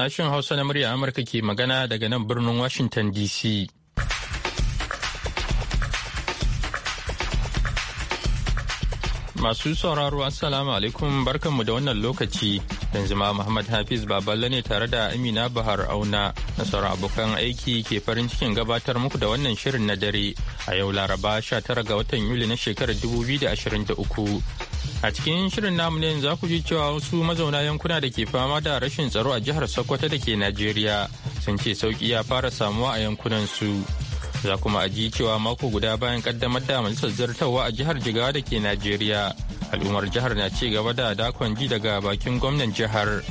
Sashen Hausa na murya Amurka ke magana daga nan birnin Washington DC. Masu sauraro Assalamu alaikum barkanmu da wannan lokaci yanzu ma Muhammad Hafiz Baballe ne tare da Amina Bahar Auna na abokan aiki ke farin cikin gabatar muku da wannan shirin na dare a yau Laraba 19 ga watan Yuli na shekarar 2023. A cikin shirin namu ne za ku ji cewa wasu mazauna yankuna da ke fama da rashin tsaro a jihar Sokoto da ke Najeriya sun ce sauki ya fara samuwa a yankunan su. Za kuma a ji cewa mako guda bayan kaddamar da majalisar zartarwa a jihar Jigawa da ke Najeriya. Al'ummar jihar na ci gaba da dakon ji daga bakin gwamnan jihar.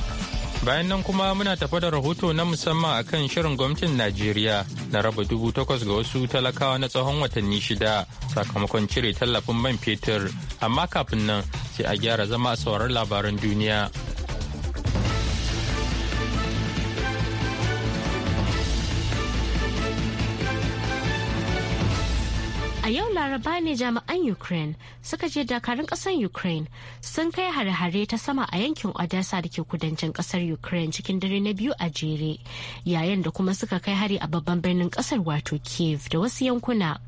Bayan nan kuma muna tafa da rahoto na musamman akan shirin gwamnatin Najeriya na raba dubu takwas ga wasu talakawa na tsawon watanni shida sakamakon cire tallafin man fetur. Amma kafin nan sai a gyara zama a sauran labaran duniya. a yau laraba ne jami'an ukraine suka je dakarun kasar ukraine sun kai hare-hare ta sama a yankin odessa da ke kudancin kasar ukraine cikin dare na biyu a jere yayin da kuma suka kai hari a babban birnin kasar wato kiev da wasu yankuna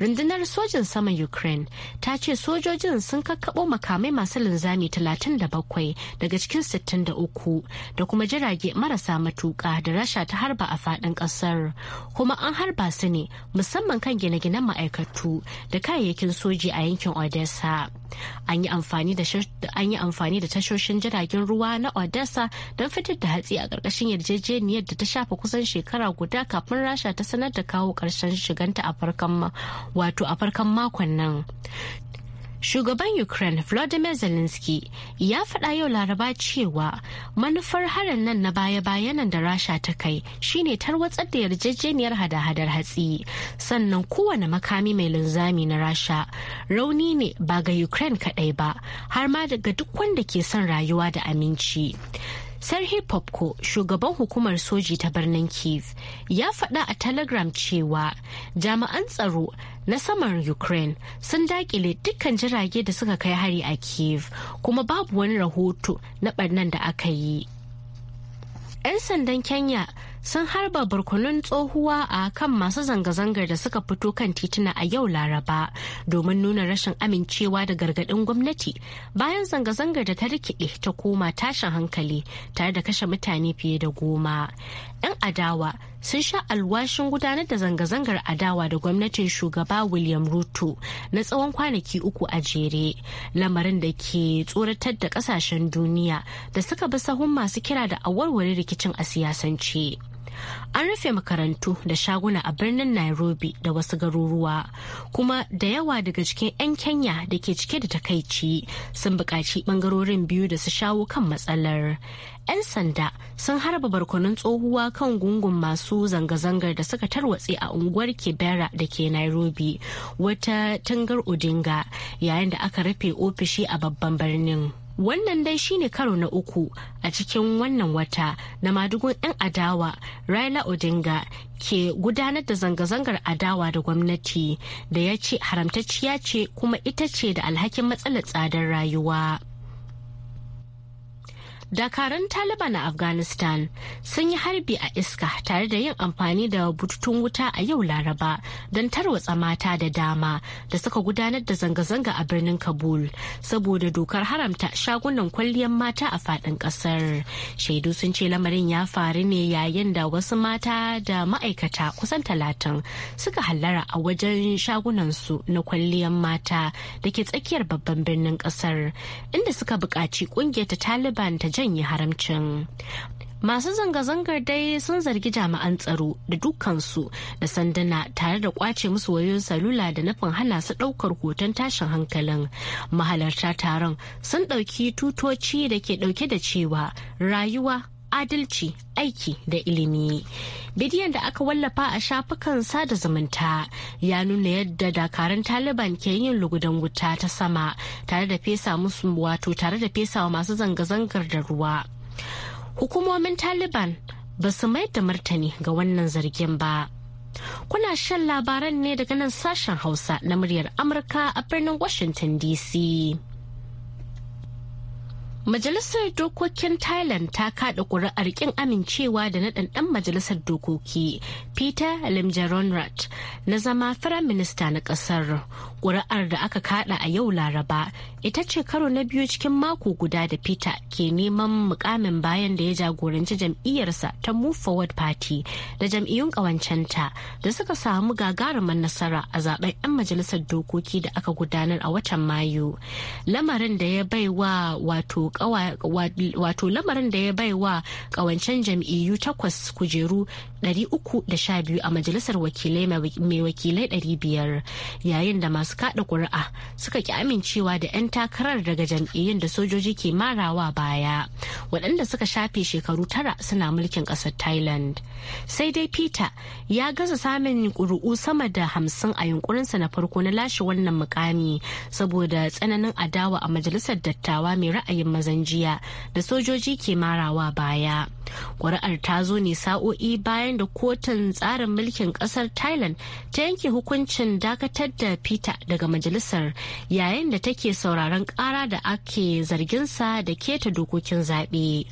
rundunar sojin saman ukraine ta ce sojojin sun kakkaɓo makamai masu linzami 37 daga cikin 63 da kuma jirage marasa matuƙa da rasha ta harba a faɗin ƙasar kuma an harba su ne musamman kan gine-ginen ma'aikatu da kayayyakin soji a yankin odessa An yi amfani da tashoshin jiragen ruwa na Odessa don fitar da hatsi a ƙarƙashin yarjejeniyar da ta shafa kusan shekara guda kafin Rasha ta sanar da kawo ƙarshen shiganta a farkon makon nan. Shugaban Ukraine Vladimir Zelensky ya faɗa yau Laraba cewa manufar harin nan na baya-bayan da Rasha ta kai shine tarwatsar da yarjejeniyar hada-hadar hatsi. Sannan kowane makami mai linzami na Rasha rauni ne ba ga Ukraine kaɗai ba har ma daga duk wanda ke son rayuwa da aminci. Sarhi Popko, shugaban hukumar soji ta birnin Kiev, ya faɗa a Telegram cewa jami'an tsaro na saman Ukraine sun dakile dukkan jirage da suka kai hari a Kiev, kuma babu wani rahoto na ɓarnan da aka yi. 'Yan sandan Kenya sun harba barkonun tsohuwa a kan masu zanga-zangar da suka fito kan tituna a yau laraba domin nuna rashin amincewa da gargadin gwamnati bayan zanga-zangar da ta rikide ta koma tashin hankali tare da kashe mutane fiye da goma 'yan adawa sun sha alwashin gudanar da zanga-zangar adawa da gwamnatin shugaba william ruto na tsawon kwanaki uku a jere lamarin da ke tsoratar da kasashen duniya da suka bi sahun masu kira da awarware rikicin a siyasance An rufe makarantu da shaguna a birnin Nairobi da wasu garuruwa, kuma da yawa daga cikin 'yan Kenya da ke cike da takaici sun buƙaci ɓangarorin biyu da su shawo kan matsalar. 'Yan sanda sun harba barkonun tsohuwa kan gungun masu zanga-zangar da suka tarwatse a unguwar Kibera da ke Nairobi, wata tangar Odinga yayin da aka rufe ofishi a babban birnin. Wannan dai shine karo na uku a cikin wannan wata na madugun 'yan adawa Raila Odinga ke gudanar da zanga-zangar adawa da gwamnati da ya ce haramtacciya ce kuma ita ce da alhakin matsalar tsadar rayuwa. dakarun taliban a afghanistan sun yi harbi a iska tare da yin amfani da bututun wuta a yau laraba don tarwatsa mata da dama da suka gudanar da zanga-zanga a birnin kabul saboda dokar haramta shagunan kwalliyar mata a fadin kasar shaidu sun ce lamarin ya faru ne yayin da wasu mata da ma'aikata kusan talatin suka hallara a wajen shagunan su na kwalliyar mata da ke tsakiyar babban birnin kasar inda suka buƙaci ƙungiyar taliban ta janye haramcin masu zanga-zangar dai sun zargi jami'an tsaro da dukansu da sanduna tare da kwace musu wayoyin salula da nufin hana su daukar hoton tashin hankalin mahalarta taron sun ɗauki tutoci da ke ɗauke da cewa rayuwa adalci aiki da ilimi bidiyon da aka wallafa a shafukan sada zumunta ya nuna yadda dakarun taliban ke yin lugudan wuta ta sama tare da fesa musu wato tare da fesa wa masu zanga-zangar da ruwa hukumomin taliban ba su mai da martani ga wannan zargin ba kuna shan labaran ne daga nan sashen hausa na muryar amurka a birnin washington dc Majalisar Dokokin Thailand ta kada ƙuri'ar ƙin amincewa da naɗin ɗan majalisar dokoki Peter Limjaronrat na zama firaminista na ƙasar. Ƙuri'ar da aka kada a yau Laraba ita ce karo na biyu cikin mako guda da Peter ke neman mukamin bayan da ya jagoranci jam'iyyarsa ta Move Forward Party da jam'iyyun ƙawancenta da suka samu gagarumin nasara a zaben 'yan majalisar dokoki da aka gudanar a watan Mayu. Lamarin da ya bai wa wato wato lamarin da ya bai wa kawancen jam'iyyu takwas kujeru 312 a majalisar wakilai mai wakilai 500 yayin da masu kada kuri'a suka ki amincewa da 'yan takarar daga jam'iyyun da sojoji ke marawa baya waɗanda suka shafe shekaru tara suna mulkin ƙasar thailand sai dai peter ya gaza samun ƙuri'u sama da hamsin a yunkurinsa na farko na lashe wannan mukami saboda tsananin adawa a majalisar dattawa mai ra'ayin gwazon jiya da sojoji ke marawa baya ƙuri'ar ta zo ne sa'o'i bayan da kotun tsarin mulkin ƙasar thailand ta yanke hukuncin dakatar da peter daga majalisar yayin da take sauraron ƙara da ake zarginsa da keta dokokin zaɓe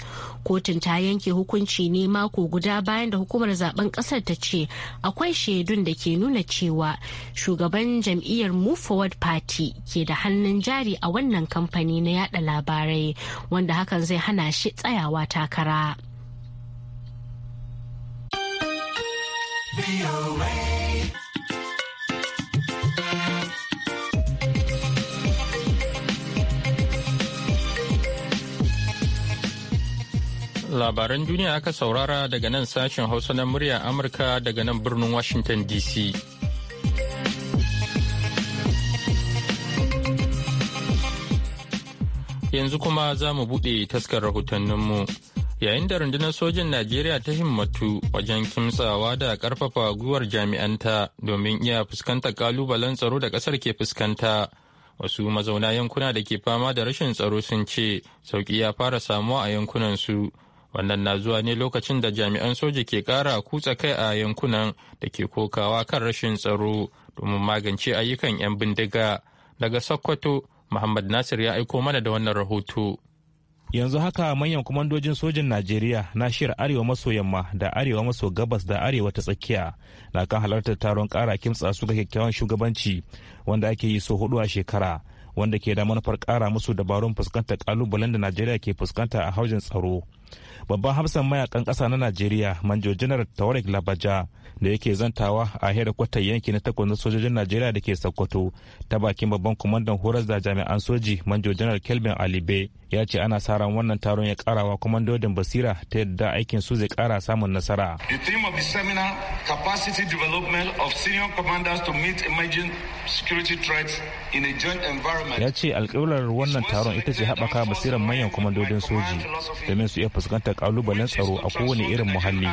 kotun ta yanke hukunci ne mako guda bayan da hukumar zaben kasar ta ce akwai shaidun da ke nuna cewa shugaban jam'iyyar move forward party ke da hannun jari a wannan kamfani na yada labarai wanda hakan zai hana shi tsayawa takara. Labaran duniya aka saurara daga nan sashen Hausa na murya Amurka daga nan birnin Washington DC. Yanzu kuma za mu buɗe taskar rahotanninmu. Yayin da rundunar sojin Najeriya ta himmatu wajen kimtsawa da ƙarfafa gwiwar jami'anta domin iya fuskantar ƙalubalen tsaro da ƙasar ke fuskanta. wasu mazauna yankuna da ke fama da rashin tsaro sun ce sauƙi ya fara samuwa a yankunansu wannan na zuwa ne lokacin da jami'an soja ke kara kutsa kai a yankunan da ke kokawa kan rashin tsaro domin magance ayyukan 'yan bindiga daga sokoto muhammad nasir ya aiko mana da wannan rahoto yanzu haka manyan kwamandojin sojin najeriya na shirin arewa maso yamma da arewa maso gabas da arewa ta tsakiya na kan halartar taron kara kimtsa su ga kyakkyawan shugabanci wanda ake yi so hudu a shekara wanda ke da manufar kara musu dabarun fuskantar kalubalen da najeriya ke fuskanta a haujin tsaro babban hafsan mayakan ƙasa na najeriya manjo janar tawarik labaja da yake zantawa a kwatar yanki na takwas na sojojin najeriya da ke sokoto ta bakin babban kwamandan horas da jami'an soji manjo janar kelvin alibe ya ce ana sa ran wannan taron ya karawa kumandodin basira ta yadda aikin su zai kara samun nasara the theme of the capacity development of senior commanders to meet emerging security threats in a joint ya ce alƙiblar wannan taron ita ce haɓaka basirar manyan kumandodin soji domin su iya fuskantar kalubalen tsaro a kowane irin muhalli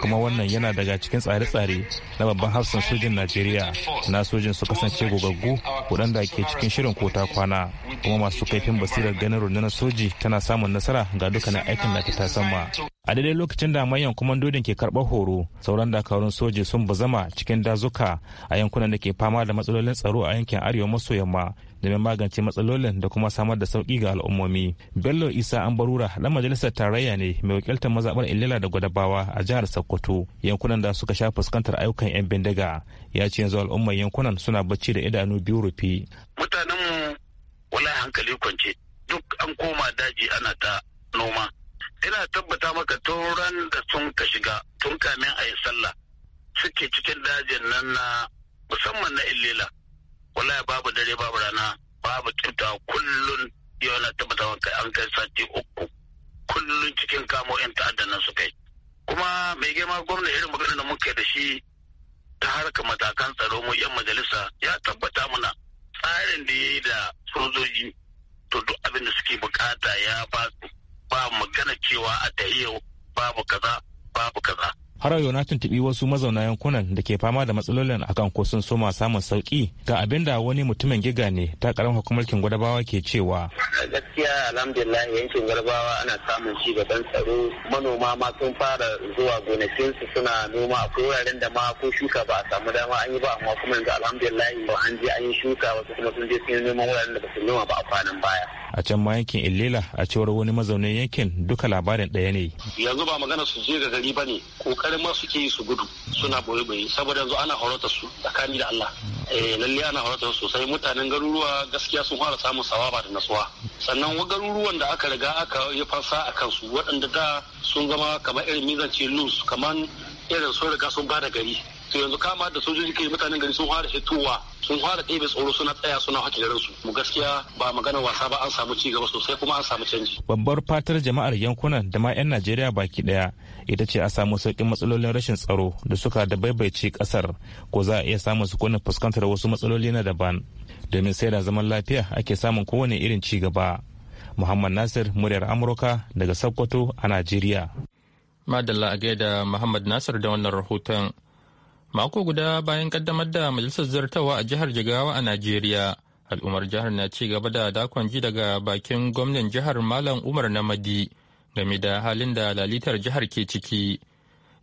kuma wannan yana daga cikin tsare-tsare na babban hafsan sojin najeriya na sojin su kasance gogaggu waɗanda ke cikin shirin kota kwana kuma masu kaifin basirar ganin rundunar soji tana samun nasara ga dukkanin aikin da ta sama a daidai lokacin da manyan kwamandodin ke karɓar horo sauran dakarun soji sun bazama cikin dazuka a yankunan da ke fama da matsalolin tsaro a yankin arewa maso yamma domin magance matsalolin da kuma samar da sauki ga al'ummomi. Bello Isa Ambarura ɗan majalisar tarayya ne mai wakiltar mazaɓar Ilila da Gwadabawa a jihar Sokoto yankunan da suka sha fuskantar ayyukan 'yan bindiga ya ce yanzu al'ummar yankunan suna bacci da idanu biyu rufe. Mutanenmu wala hankali kwance duk an koma daji ana ta noma. Ina tabbata maka turan da sun ka shiga tun kamin a yi sallah suke cikin dajin nan na musamman na Ilila. wallahi babu dare babu rana babu tinta kullun yana na kai an kai sati uku kullun cikin kamo yan ta'adda nan su kai kuma mai girma gwamna irin maganar da muka da shi ta harka matakan tsaro mu yan majalisa ya tabbata mana tsarin da ya yi da sojoji to duk abin da suke bukata ya ba ba magana cewa a ta iya babu kaza babu kaza har yau na tuntuɓi wasu mazauna yankunan da ke fama da matsalolin akan ko sun soma samun sauki ga abin da wani mutumin giga ne ta karamar hukumarkin gwadabawa ke cewa. gaskiya alhamdulillah yankin gwadabawa ana samun ci gaban tsaro manoma ma sun fara zuwa gonakinsu suna noma akwai wuraren da ma ko shuka ba a samu dama an yi ba amma kuma yanzu alhamdulillah an je an yi shuka wasu kuma sun je sun yi noma wuraren da ba su noma ba a kwanan baya. a can ma yankin illela a cewar wani mazaunin yankin duka labarin ɗaya ne yanzu ba magana su je ga gari ba ne kokarin ma suke yi su gudu suna boye boye saboda yanzu ana horata su tsakani da Allah eh lalle ana horata su sosai mutanen garuruwa gaskiya sun fara samun sawaba da nasuwa sannan wa garuruwan da aka riga aka yi fasa a kansu waɗanda da sun zama kamar irin mizance lose kamar irin sun riga sun ba da gari to yanzu kama da sojoji ke mutanen gari sun fara hitowa sun fara ɗebe tsoro suna tsaya suna da su mu gaskiya ba magana wasa ba an samu ci gaba sosai kuma an samu canji babbar fatar jama'ar yankunan da ma 'yan najeriya baki ɗaya ita ce a samu sauƙin matsalolin rashin tsaro da suka da baibaice ƙasar ko za a iya samun sukunin fuskantar wasu matsaloli na daban domin sai da zaman lafiya ake samun kowane irin ci gaba muhammad nasir muryar amurka daga sokoto a najeriya madalla a gaida muhammad nasir da wannan rahoton Mako guda bayan kaddamar da majalisar zartawa a jihar Jigawa a Najeriya, al'ummar jihar na ci gaba da dakon ji daga bakin gwamnan jihar Malam Umar Namadi game da halin da lalitar jihar ke ciki.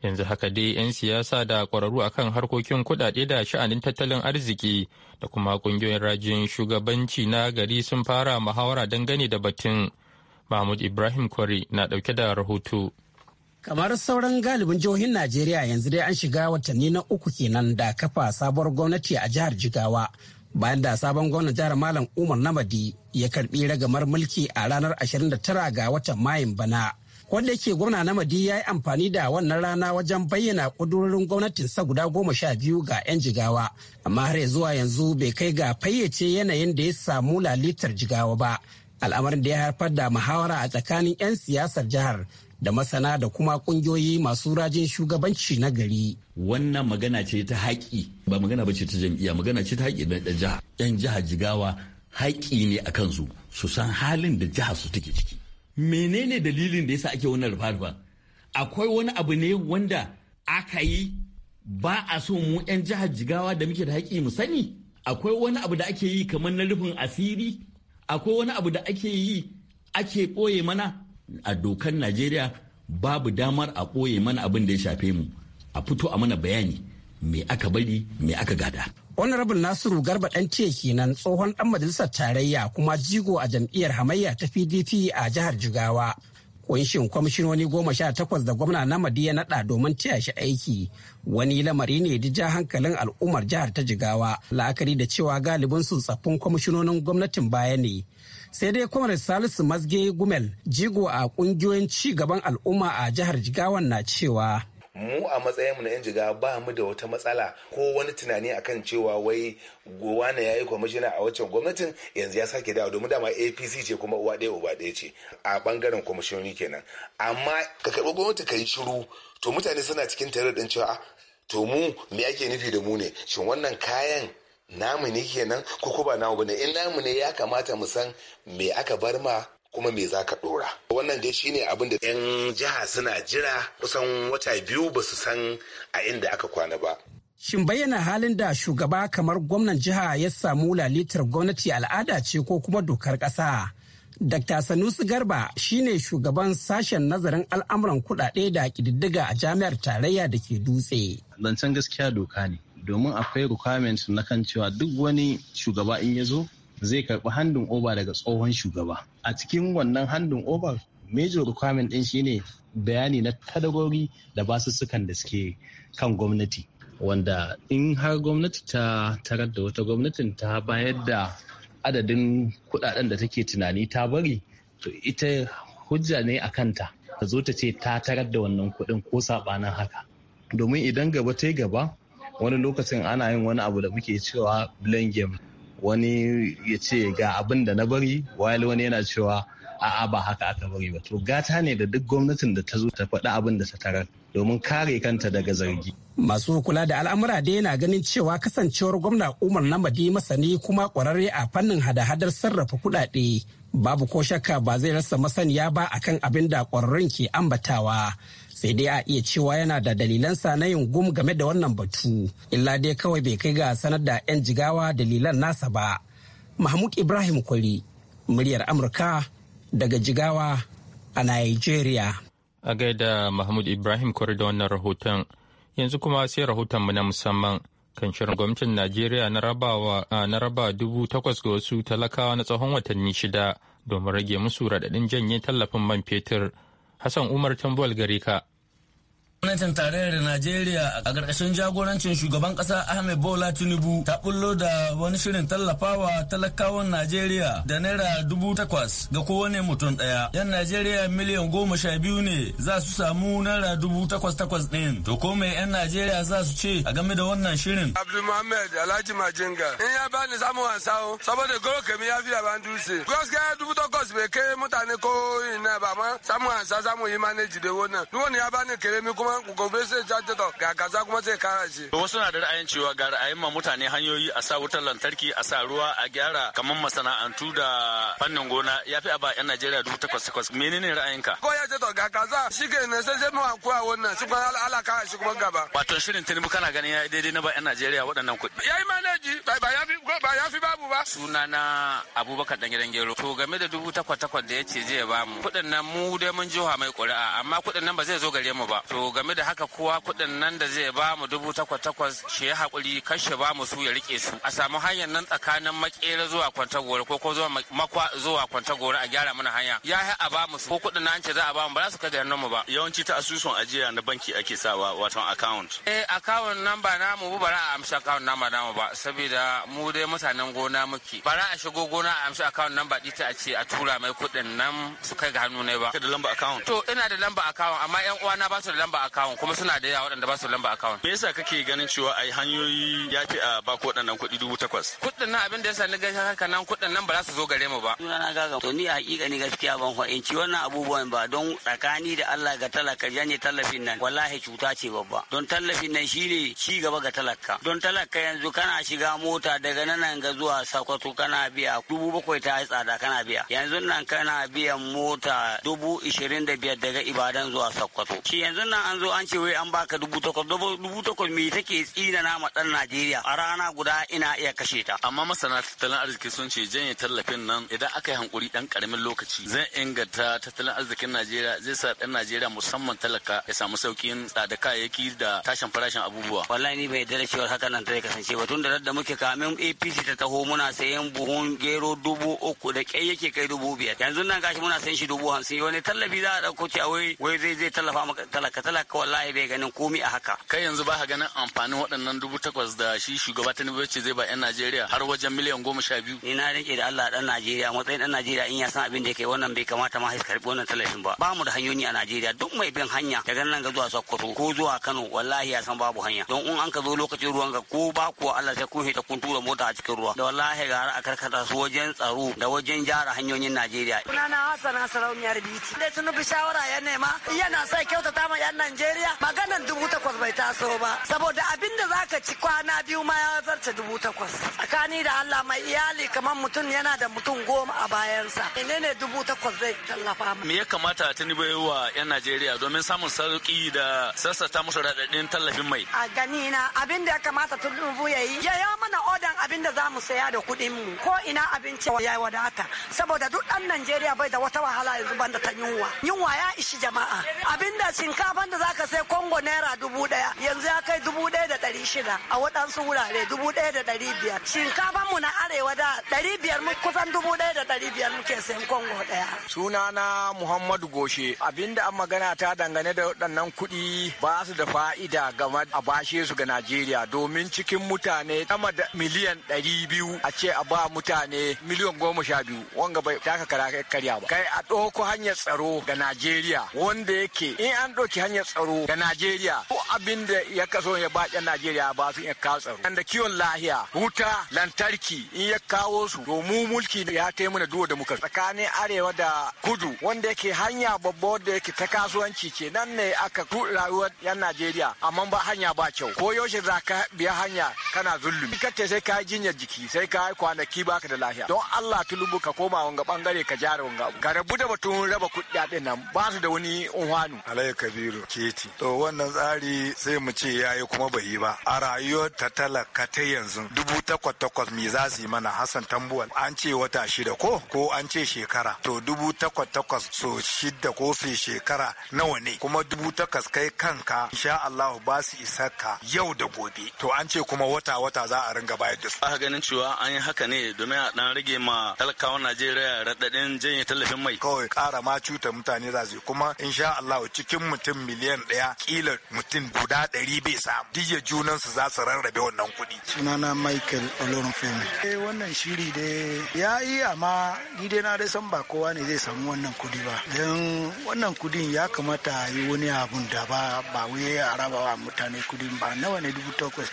Yanzu haka dai 'yan siyasa da kwararru akan harkokin kudade da sha'anin tattalin arziki da kuma ƙungiyoyin rajin shugabanci na gari sun fara muhawara dangane da batun. Mahmud Ibrahim Kwari na dauke da rahoto. kamar sauran galibin jihohin najeriya yanzu dai an shiga watanni na uku kenan da kafa sabuwar gwamnati a jihar jigawa bayan da sabon gwamnan jihar malam umar namadi ya karbi ragamar mulki a ranar 29 ga watan mayun bana wanda yake gwamna namadi ya yi amfani da wannan rana wajen bayyana kudurorin gwamnatinsa guda goma sha biyu ga 'yan jigawa amma har zuwa yanzu bai kai ga fayyace yanayin da ya samu lalitar jigawa ba al'amarin da ya haifar da muhawara a tsakanin 'yan siyasar jihar da masana da kuma kungiyoyi masu rajin shugabanci na gari. Wannan magana ce ta haƙi ba magana ba ce ta jam'iyya magana ce ta haƙi na jiha. 'Yan jiha Jigawa haƙi ne a kansu su san halin da jiha su take ciki. Menene dalilin da yasa ake wannan rufa-rufa? Akwai wani abu ne wanda aka yi ba a so mu 'yan jihar Jigawa da muke da haƙi mu sani? Akwai wani abu da ake yi kamar na rufin asiri? Akwai wani abu da ake yi ake ɓoye mana? a dokar najeriya babu damar a ɓoye mana abin da ya shafe mu a fito a mana bayani me aka bari me aka gada honorable nasiru garba ɗan ce kenan tsohon ɗan majalisar tarayya kuma jigo a jam'iyyar hamayya ta pdp a jihar jigawa kunshin kwamishinoni goma sha takwas da gwamna namadi ya naɗa domin taya shi aiki wani lamari ne da ja hankalin al'ummar jihar ta jigawa la'akari da cewa galibin sun tsaffin kwamishinonin gwamnatin baya ne sai dai kwamar salisu mazge gumel jigo a kungiyoyin ci gaban al'umma a jihar jigawan na cewa mu a matsayinmu na 'yan jiga ba mu da wata matsala ko wani tunani akan cewa wai gowa na yayi kwamishina a waccan gwamnatin yanzu ya sake dawo domin dama apc ce kuma uwa ɗaya uba ɗaya ce a bangaren kwamishinoni kenan amma ka karɓi gwamnati ka yi shiru to mutane suna cikin tare din cewa ah, to mu me ake nufi da mu ne shin wannan kayan namu ne kenan ko ko ba namu bane in namu ne ya kamata mu san me aka bar ma kuma me za ka dora wannan dai shine abin da 'yan jiha suna jira kusan wata biyu ba su san a inda aka kwana ba Shin bayyana halin da shugaba kamar gwamnan jiha ya samu lalitar gwamnati al'ada ce ko kuma dokar ƙasa? Dr. Sanusi Garba shine shugaban sashen nazarin al'amuran kuɗaɗe da kididdiga a jami'ar tarayya da ke dutse. Zancen gaskiya doka ne. domin akwai requirements na kan cewa duk wani shugaba in ya zo zai karbi handin oba daga tsohon shugaba a cikin wannan handin oba, major requirement din shine bayani na kadagori da basussukan da suke kan gwamnati wanda in har gwamnati ta tarar da wata gwamnatin ta bayar da adadin kudaden da take tunani ta bari to ita hujja ne a kanta ta zo ta ce ta tarar da wannan kudin ko sabanin haka domin idan gaba ta yi gaba wani lokacin ana yin wani abu da muke cewa blame game wani ya ce ga abin da na bari wayal wani yana cewa a'a ba haka aka bari ba to gata ne da duk gwamnatin da ta zo ta faɗi abin da ta tarar domin kare kanta daga zargi masu kula da al'amura dai yana ganin cewa kasancewar gwamna umar na madi masani kuma kwararre a fannin hada-hadar sarrafa kuɗaɗe babu ko shakka ba zai rasa masaniya ba akan abin da ƙwararrun ke ambatawa sai dai a iya cewa yana da dalilansa na yin gum game da wannan batu illa dai kawai bai kai ga sanar da 'yan jigawa dalilan nasa ba mahmud ibrahim kwari muryar amurka daga jigawa a nigeria a gaida mahmud ibrahim kwari da wannan rahoton yanzu kuma sai rahoton mu na musamman kan shirin gwamnatin najeriya na raba dubu takwas ga wasu talakawa na tsawon watanni shida domin rage musu raɗaɗin janye tallafin man fetur Hassan Umar Tambol gare ka. Gwamnatin tarayyar Najeriya a ƙarƙashin jagorancin shugaban ƙasa Ahmed Bola Tinubu ta bullo da wani shirin tallafawa talakawan Najeriya da naira dubu takwas ga kowane mutum ɗaya. Yan Najeriya miliyan goma sha biyu ne za su samu naira dubu takwas takwas ɗin. To ko mai 'yan Najeriya za su ce a game da wannan shirin? Abdul Muhammad Alhaji Majinga. In ya bani samun wasa saboda goro kemi ya fi ban dutse. Gaskiya dubu takwas bai kai mutane ko ina ba ma samun wasa samun yi maneji da wannan. Ni wani ya bani mi kuma kuma gobe sai jajjata ga kaza kuma sai kara shi. Wasu na da ra'ayin cewa ga ra'ayin ma mutane hanyoyi a sa wutar lantarki a sa ruwa a gyara kamar masana'antu da fannin gona ya fi aba 'yan Najeriya dubu takwas takwas menene ka. Ko ya jajjata ga kaza shi ke ne sai zai mawa kuwa wannan shi kuma ala kara shi kuma gaba. Wato shirin Tinubu kana ganin ya daidai na ba 'yan Najeriya waɗannan kuɗi. Ya yi maneji ba ya fi babu ba. Suna na Abubakar dan gidan Gero. To game da dubu takwas takwas da ya ce zai ba mu kuɗin nan mu dai mun jiha mai ƙuri'a amma kuɗin nan ba zai zo gare mu ba. To game da haka kowa kuɗin nan da zai ba mu dubu takwas takwas shi ya haƙuri kashe ba mu su ya rike su a samu hanyar nan tsakanin makera zuwa kwantagora ko ko zuwa makwa zuwa kwantagora a gyara mana hanya ya yi a ba mu su ko kuɗin nan ce za a ba mu ba za su kai da hannun mu ba yawanci ta asusun ajiya na banki ake sawa wato account eh account number namu ba bara a amshi account number namu ba saboda mu dai mutanen gona muke bara a shigo gona a amshi account number ɗita a ce a tura mai kuɗin nan su kai ga hannu ne ba da lamba account to ina da lamba account amma yan na ba su da lamba akawun kuma suna da yawa waɗanda ba su lamba akawun. Me yasa kake ganin cewa ai hanyoyi ya fi a ba ku waɗannan kuɗi dubu takwas? Kuɗin nan abin da yasa ni ga haka nan kuɗin nan ba za su zo gare mu ba. Suna na gaga to ni hakika ni gaskiya ban fahimci wannan abubuwan ba don tsakani da Allah ga talaka janye tallafin nan wallahi cuta ce babba don tallafin nan shine ci gaba ga talaka don talaka yanzu kana shiga mota daga nan ga zuwa Sokoto kana biya dubu bakwai ta tsada kana biya yanzu nan kana biyan mota dubu ishirin da biyar daga Ibadan zuwa Sokoto shi yanzu nan an an zo an ce wai an baka dubu takwas dubu takwas me take tsina na dan Najeriya a rana guda ina iya kashe ta. Amma masana tattalin arziki sun ce janye tallafin nan idan aka yi hankuri dan karamin lokaci zai inganta tattalin arzikin Najeriya zai sa dan Najeriya musamman talaka ya samu saukin tsada kayayyaki da tashin farashin abubuwa. Wallahi ni bai dare cewa haka nan zai kasance ba tun da da muke kamin APC ta taho muna sayan buhun gero dubu uku da kai yake kai dubu biyar yanzu nan gashi muna sayan shi dubu hamsin wani tallafi za a dauko ce wai zai zai tallafa talaka haka wallahi bai ganin komi a haka kai yanzu ba ganin amfanin waɗannan dubu takwas da shi shugaba tinubu ce zai ba yan najeriya har wajen miliyan goma sha biyu ina na rike da allah dan najeriya matsayin dan najeriya in ya san abin da yake wannan bai kamata ma ya karbi wannan talafin ba bamu da hanyoyi a najeriya duk mai bin hanya daga nan ga zuwa sokoto ko zuwa kano wallahi ya san babu hanya don in an ka zo lokacin ruwan ga ko ba kuwa allah sai kun hita kun tura mota a cikin ruwa da wallahi gara a karkata su wajen tsaro da wajen gyara hanyoyin najeriya sunana hassan sarauniyar biti da tunubu shawara ya nema yana sai kyautata ma yan Najeriya maganan dubu takwas bai taso ba saboda abin da zaka ci kwana biyu ma ya zarce dubu takwas tsakani da Allah mai iyali kamar mutum yana da mutum goma a bayansa ne dubu takwas zai tallafa mu me ya kamata Tinubu bai wa 'yan Najeriya domin samun sauki da sassata musu radadin tallafin mai a gani na abin da ya kamata Tinubu ya yi ya ya mana odan abin da za mu saya da kuɗin mu ko ina abinci ya wadata saboda duk ɗan Najeriya bai da wata wahala yanzu banda ta yunwa yunwa ya ishi jama'a abinda shinkafa da za aka sai kongo naira dubu daya yanzu ya kai dubu daya da dari shida a waɗansu wurare dubu daya da dari biyar shinkafan mu na arewa da dari biyar mu kusan dubu daya da dari biyar muke sayan kongo daya. sunana muhammadu goshe abinda an magana ta dangane da waɗannan kuɗi ba su da fa'ida game a bashe su ga najeriya domin cikin mutane sama da miliyan ɗari biyu a ce a ba mutane miliyan goma sha biyu wanga bai taka kara karya ba kai a ɗauko hanyar tsaro ga najeriya wanda yake in an ɗauki hanyar tsaro da Najeriya ko abin da ya kaso ya baƙin Najeriya ba su iya kawo tsaro. Da kiwon lahiya, wuta, lantarki in ya kawo su to mu mulki ya ta mana duwa da muka tsakanin arewa da kudu wanda yake hanya babba wadda yake ta kasuwanci ce nan ne aka rayuwar yan Najeriya amma ba hanya ba kyau. Ko yaushe za ka biya hanya kana zulumi. ce sai ka jinyar jiki sai ka kwanaki baka da lahiya. Don Allah tulubu ka koma wanga bangare ka jara wanga. Ka rabu da batun raba kuɗaɗen nan ba su da wani unhanu. Alayyaka Kabiru. society to wannan tsari sai mu ce ya yi kuma bai yi ba a rayuwar ta talaka ta yanzu dubu takwas takwas me za su yi mana hassan tambuwal an ce wata shida ko ko an ce shekara to dubu takwas takwas so shida ko su shekara nawa ne kuma dubu takwas kai kanka insha Allah ba su isa ka yau da gobe to an ce kuma wata wata za a ringa bayar da su aka ganin cewa an yi haka ne domin a dan rage ma talakawan Najeriya raɗaɗin janye tallafin mai kawai kara ma cuta mutane za su kuma insha Allah cikin mutum miliyan miliyan ɗaya kila mutum guda ɗari bai samu duk su za su rarrabe wannan kuɗi. sunana michael Olorun Femi. eh wannan shiri da ya yi amma ni dai na dai san ba kowa ne zai samu wannan kuɗi ba don wannan kuɗin ya kamata a yi wani abun da ba ba wai a raba wa mutane kuɗin ba nawa ne dubu takwas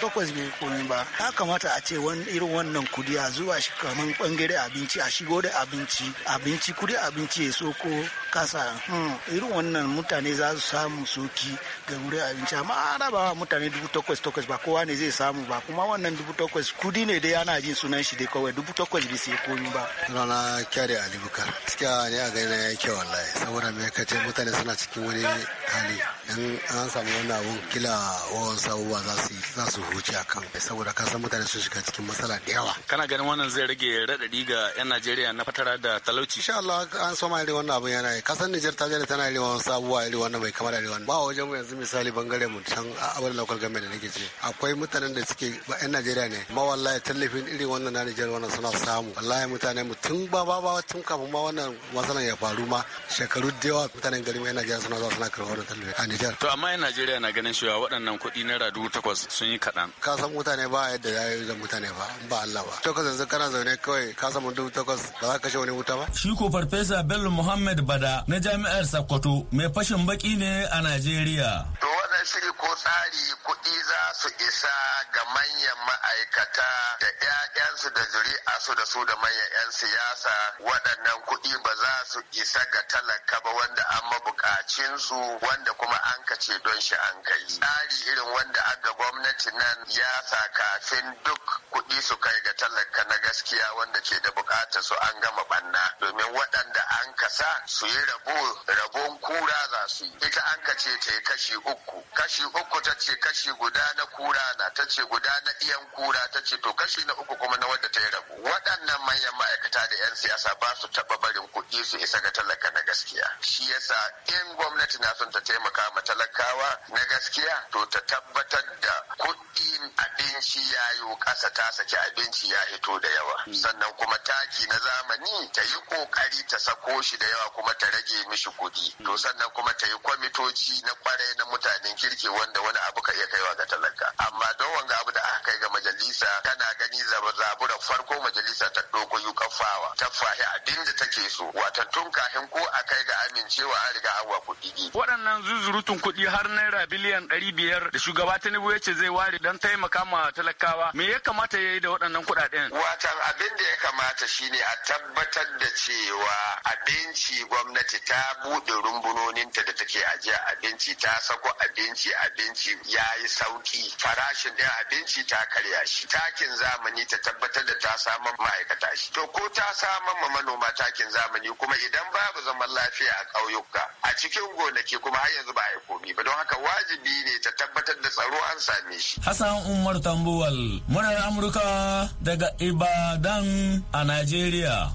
takwas bai komi ba ya kamata a ce irin wannan kuɗi a zuwa shi kamar bangare abinci a shigo da abinci abinci kuɗi abinci ya so ko kasa hmm, irin wannan mutane za su samu soki ga wurin abinci amma ana ba mutane dubu takwas takwas ba kowa ne zai samu ba kuma wannan dubu takwas kudi ne dai ana jin sunan shi dai kawai dubu takwas bisa ya komi ba. Sunana kyare Ali Bukar. Gaskiya ne a gani na ya kyau wallahi saboda me ka ce mutane suna cikin wani hali dan an samu wani abun kila wawan sabuwa za su za su huce a kan saboda ka san mutane sun shiga cikin matsala da yawa. Kana ganin wannan zai rage raɗaɗi ga 'yan Najeriya na fatara da talauci. Insha Allah an soma irin wannan abun yana yi. Kasan Nijar ta tana irin wani sabuwa irin wannan mai kamar arewa ba wajen yanzu misali bangare mu can abin local government da nake ce akwai mutanen da suke ba yan najeriya ne ma wallahi tallafin irin wannan na nijar wannan suna samu wallahi mutane mu tun ba ba ba tun kafin ma wannan matsalan ya faru ma shekaru da yawa mutanen garin yan najeriya suna zuwa suna karɓar wannan tallafin a nijar to amma yan najeriya na ganin cewa waɗannan kuɗi na radu takwas sun yi kaɗan ka san mutane ba yadda ya yi da mutane ba ba Allah ba to ka zanzu kana zaune kawai ka samu dubu takwas ba za ka kashe wani wuta ba shi ko farfesa bello muhammad bada na jami'ar sakkwato mai fashin baki ne ne a Najeriya. To wannan shiri ko tsari kuɗi za su isa ga manyan ma'aikata da 'ya'yansu da zuri'arsu da su da manyan 'yan siyasa waɗannan kuɗi ba za su isa ga talaka ba wanda an su wanda kuma an kace don shi an kai tsari irin wanda aga gwamnati nan ya sa kafin duk kuɗi su kai ga talaka na gaskiya wanda ke da bukata su an gama banna domin waɗanda an kasa su yi rabo rabon kura za su yi ita an kace ta kashi uku kashi uku ta ce kashi guda na kura na ta ce guda na iyan kura ta ce to kashi na uku kuma na wadda ta yi rabu waɗannan manyan ma'aikata da 'yan siyasa ba su taɓa barin kuɗi su isa ga talaka na gaskiya shi yasa in gwamnati na son ta taimaka ma talakawa na gaskiya to ta tabbatar da kuɗi ƙasa ta saki abinci ya hito da yawa hmm. sannan kuma taki na zamani ta yi kokari ta sako shi da yawa kuma ta rage mishi kuɗi to hmm. sannan kuma ta yi kwamitoci na kwarai na mutanen kirki wanda wani abu ka iya kaiwa ga talaka amma don wanga abu da aka kai ga majalisa tana gani zabura farko majalisa ta ɗauko yi kafawa ta fahi abin da take so Wata tun kafin ko a kai ga amincewa an riga an wa kuɗi waɗannan zuzurutun kuɗi har naira biliyan ɗari biyar da shugaba tinubu ya ce zai ware don taimaka ma talakawa me ya kamata ya yi da waɗannan kuɗaɗen? Watan abin da ya kamata shine a tabbatar da cewa abinci gwamnati ta buɗe rumbunoninta da take ajiya abinci ta sako abinci abinci ya yi sauki farashin ɗin abinci ta karya shi takin zamani ta tabbatar da ta samu ma'aikata shi to ko ta samar ma manoma takin zamani kuma idan babu zaman lafiya a ƙauyuka a cikin gonaki kuma har yanzu ba a yi komi ba don haka wajibi ne ta tabbatar da tsaro an same shi. Hassan Umar Tambuwal muryar Amurka daga Ibadan a Najeriya.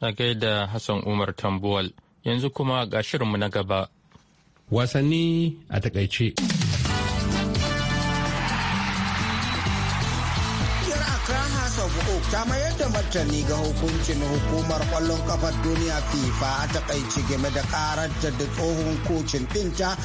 A gaida Hassan Umar Tambuwal, yanzu kuma ga shirinmu na gaba. Wasanni a takaice. ta mayar da martani ga hukuncin hukumar kwallon kafar duniya fifa a takaici game da karar da tsohon kocin dinta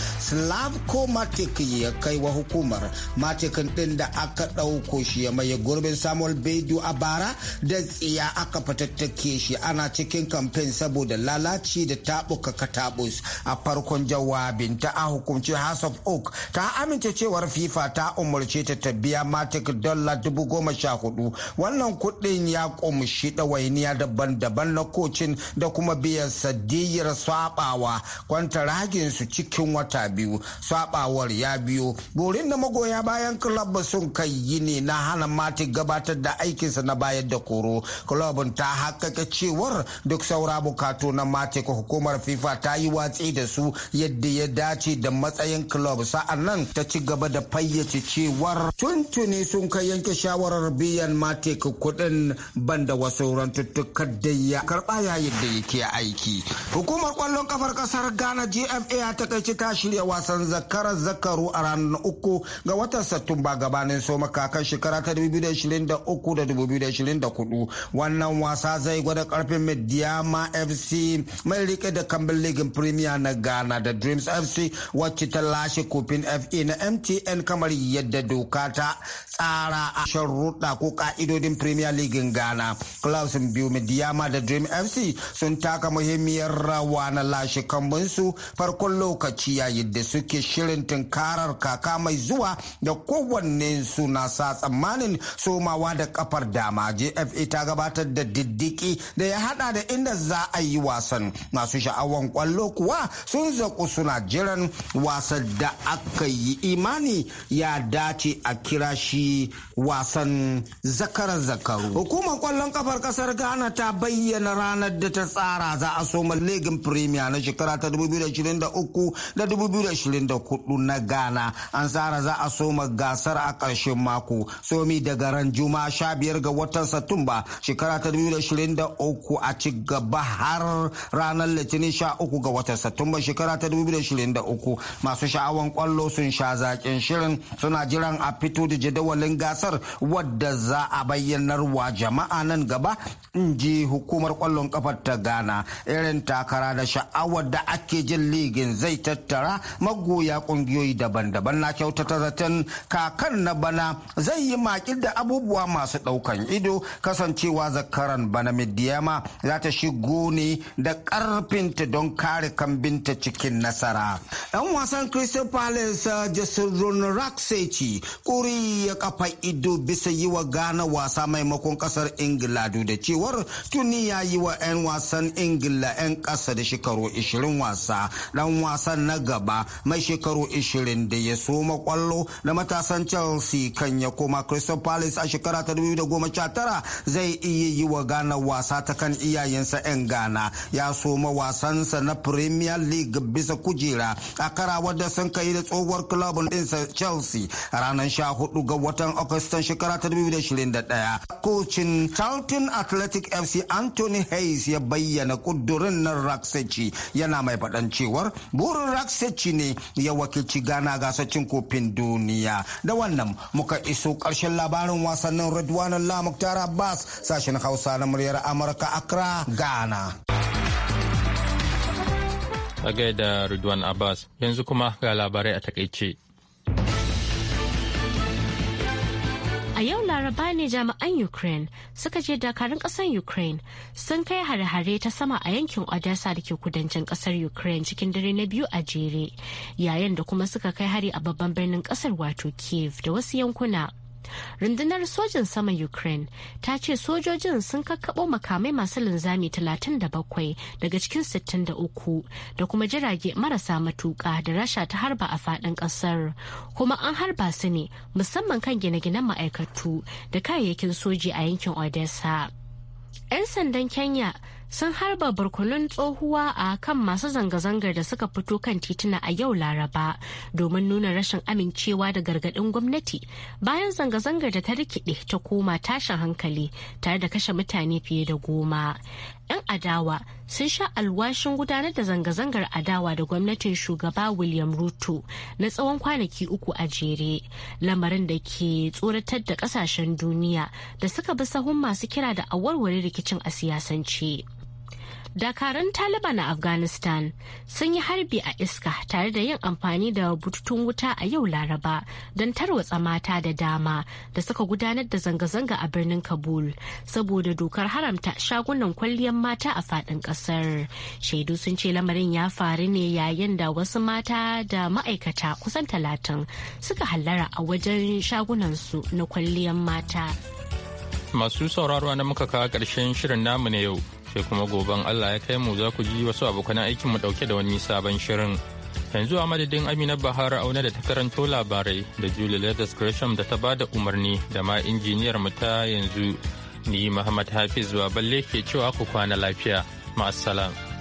ko matik ya kai wa hukumar matikin din da aka ɗauko shi ya maye gurbin samuel bedu a bara da tsiya aka fatattake shi ana cikin kamfen saboda lalaci da taɓuka katabus a farkon jawabin ta a hukumci house of oak ta amince cewar fifa ta umarce ta tabbiya matik matic dala dubu goma sha hudu wannan kuɗin ya ƙumshi ɗawainiya daban-daban na kocin da kuma biyan sadiyar kwanta kwantaragin su cikin wata biyu swabawar ya biyo burin da magoya bayan club sun kai yi ne na hana mati gabatar da aikinsa na bayar da koro club ta hakaka cewar duk saura bukatu na mati hukumar fifa ta yi watsi da su yadda ya dace da matsayin club nan ta ci gaba da fayyace cewar tuntuni sun kai yanke shawarar biyan mati kuɗin din banda wasu rantuttukar da ya karba yayin da yake aiki hukumar kwallon kafar kasar ghana gfa ya takaici ta shirya wasan zakarar zakaru a ranar uku ga watan satumba gabanin soma kakan shekara ta 2023 da 2024 wannan wasa zai gwada karfin mediama fc mai rike da kambin ligin premier na ghana da dreams fc wacce ta lashe kofin fa na mtn kamar yadda doka ta tsara a sharuɗa ko ka'idodin premier ligin ghana clubs biyu midiyama da dream fc sun taka muhimmiyar rawa na lashe kambunsu farkon lokaci yayin da suke shirin tunkarar kaka mai zuwa da kowanne su na sa tsammanin somawa da kafar dama jfa ta gabatar da diddiki da ya hada da inda za a yi wasan masu sha'awan kwallo kuwa sun zaku suna jiran wasan da aka yi imani ya dace a kira shi wasan zakarar zakaru Mm. Hukumar kwallon kafar kasar Ghana ta bayyana ranar da ta tsara za a soma legin Premier na shekara ta 2023 da 2024 na Ghana. An tsara za a soma gasar a ƙarshen mako. Somi daga ran juma 15 ga watan Satumba shekara ta 2023 a ci gaba har ranar Litinin 13 ga watan Satumba shekara ta 2023. Masu sha'awan kwallo sun sha zaƙin shirin suna jiran a fito da jadawalin gasar wadda za a bayyanar wa jama'a nan gaba in ji hukumar kwallon kafar ta ghana irin takara da sha'awar da ake jin ligin zai tattara magoya kungiyoyi daban-daban na kyautata zaton kakan na bana zai yi makil da abubuwa masu daukan ido kasancewa zakaran bana midiyama za ta shigo ne da karfinta don kare kambinta cikin nasara yan wasan crystal palace uh, jason ronarak sai kuri ya kafa ido bisa yi wa ghana wasa maimakon sakamakon kasar ingila duk da cewar tuni ya yi wa 'yan wasan ingila 'yan kasa da shekaru 20 wasa dan wasan na gaba mai shekaru 20 da ya soma kwallo da matasan chelsea kan ya koma crystal palace a shekara ta 2019 zai iya yi wa ghana wasa ta kan iyayensa 'yan ghana ya soma wasansa na premier league bisa kujera a karawar da sun kai da tsohuwar club ɗinsa chelsea ranar 14 ga watan agustan shekara ta 2021 kocin Charlton Athletic FC Anthony Hayes ya bayyana kudurin na Raksechi yana mai faɗan cewar burin Raksechi ne ya wakilci gana gasar cin kofin duniya. Da wannan muka iso karshen labarin wasannin Redwan Allah Muktar Abbas sashen Hausa na muryar Amurka Accra, Ghana. A gaida Ridwan Abbas yanzu kuma ga labarai a takaice. A yau Laraba ne jami'an Ukraine suka je dakarun ƙasar Ukraine sun kai hare-hare ta sama a yankin Odessa da ke kudancin ƙasar Ukraine cikin dare na biyu a jere, yayin da kuma suka kai hari a babban birnin ƙasar wato Kiev da wasu yankuna. rundunar sojin saman ukraine ta ce sojojin sun kakkaɓo makamai masu linzami 37 daga cikin 63 da kuma jirage marasa matuƙa da rasha ta harba a faɗin ƙasar kuma an harba su ne musamman kan gine-ginen ma'aikatu da kayayyakin soji a yankin odessa 'yan sandan kenya sun harba barkonon tsohuwa a kan masu zanga-zangar da suka fito kan tituna a yau laraba domin nuna rashin amincewa da gargaɗin gwamnati bayan zanga-zangar da ta rikide ta koma tashin hankali tare da kashe mutane fiye da goma 'yan adawa sun sha alwashin gudanar da zanga-zangar adawa da gwamnatin shugaba william ruto na tsawon kwanaki uku a jere lamarin da ke tsoratar da kasashen duniya da suka bi sahun masu kira da awarware rikicin a siyasance dakarun taliban a afghanistan sun yi harbi a iska tare da yin amfani da bututun wuta a yau laraba don tarwatsa mata da dama da suka gudanar da zanga-zanga a birnin kabul saboda dokar haramta shagunan kwalliyar mata a fadin kasar shaidu sun ce lamarin ya faru ne yayin da wasu mata da ma'aikata kusan talatin suka hallara a wajen shagunansu na kwalliyar mata masu sauraro na muka kawo ƙarshen shirin namu na yau sai kuma goben Allah ya kai mu za ku ji wasu abokan aikin mu dauke da wani sabon shirin. Yanzu a madadin Amina Bahar Auna da ta karanto labarai da Julie Leathers Gresham da ta bada umarni da ma injiniyar mu ta yanzu ni Muhammad Hafiz Baballe ke cewa ku kwana lafiya. Ma'assalam.